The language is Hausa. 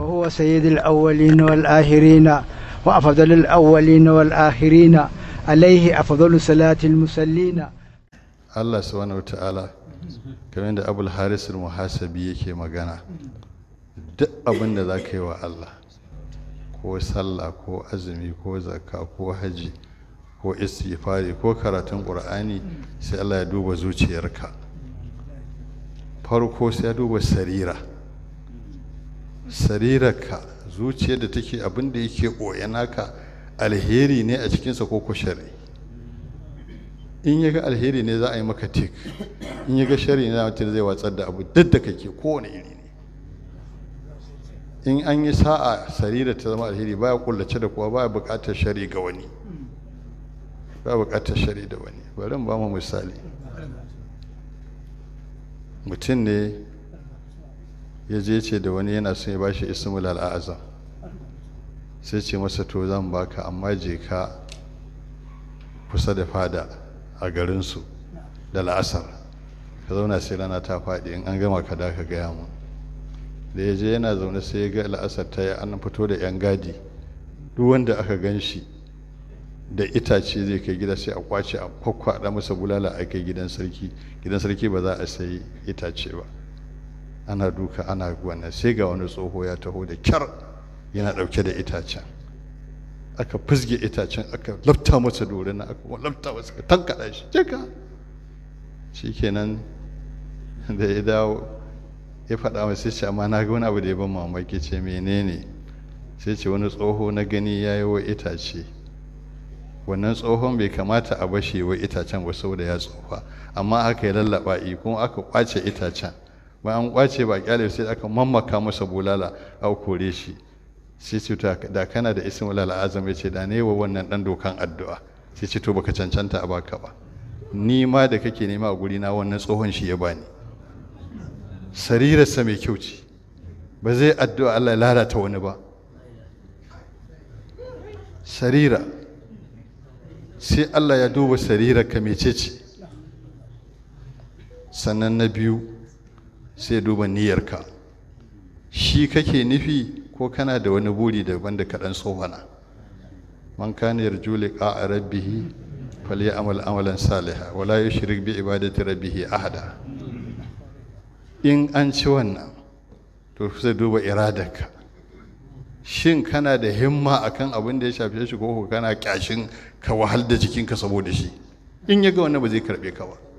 فهو سيد الأولين والآخرين وأفضل الأولين والآخرين عليه أفضل صلاة المسلين الله سبحانه وتعالى kamar da abul harisul muhasabi yake magana duk abin da za ka yi wa allah ko sallah ko azumi ko zakka ko Hajji ko istighfari ko karatun ƙur'ani sai allah ya duba zuciyarka farko sai ya duba sarira sarirarka zuciyar da take abin da yake ɓoye naka alheri ne a cikinsa ko ko shari in ya ga alheri ne za a yi maka tik in ya ga shari ne za a mutum zai watsar da abu duk da kake kowane iri ne in an yi sa'a sarira ta zama alheri baya kullace da kowa baya buƙatar shari ga wani baya buƙatar shari da wani bari in ba mu misali mutum ne ya je ce da wani yana son ya ba shi ismul al'azam sai ce masa to zan baka amma je ka kusa da fada a garinsu da la'asar ka zauna sai rana ta faɗi in an gama ka da ka gaya mu da ya je yana zaune sai ya ga la'asar ta yi an fito da 'yan gadi duk wanda aka gan shi da itace zai kai gida sai a kwace a kwakwaɗa masa bulala a kai gidan sarki gidan sarki ba za a sayi itace ba ana duka ana wannan sai ga wani tsoho ya taho da kyar yana ɗauke da itacen aka fizge itacen aka lafta masa dore na aka lafta masa ka tankada shi jika shi kenan da ya dawo ya faɗa masa ce amma na ga wani abu da ya ban mamaki ce menene sai ce wani tsoho na gani ya yi wa itace wannan tsohon bai kamata a bashe wa itacen ba saboda ya tsofa amma aka yi lallaɓa kuma aka kwace itacen bayan kwace ba kyale sai aka mammaka masa bulala a kore shi sai ce da kana da ismul azam yace ce da ne wa wannan dan dokan addu'a sai ce to baka cancanta a baka ba ni ma da kake nema a guri na wannan tsohon shi ya bani sarirarsa mai kyau ce ba zai addu'a Allah ya lalata wani ba sarira sai Allah ya duba sarirarka mai mecece sannan na biyu sai duba niyyarka shi kake nufi ko kana da wani buri daban da kaɗan tsofana man kana yarju liqa'a rabbih falyamal amalan saliha wala yushrik bi ibadati rabbih ahada in an ci wannan to sai duba iradarka shin kana da himma akan abin da ya shafe shi ko kana kyashin ka wahal da jikinka saboda shi in ya ga wannan ba zai karbe ka ba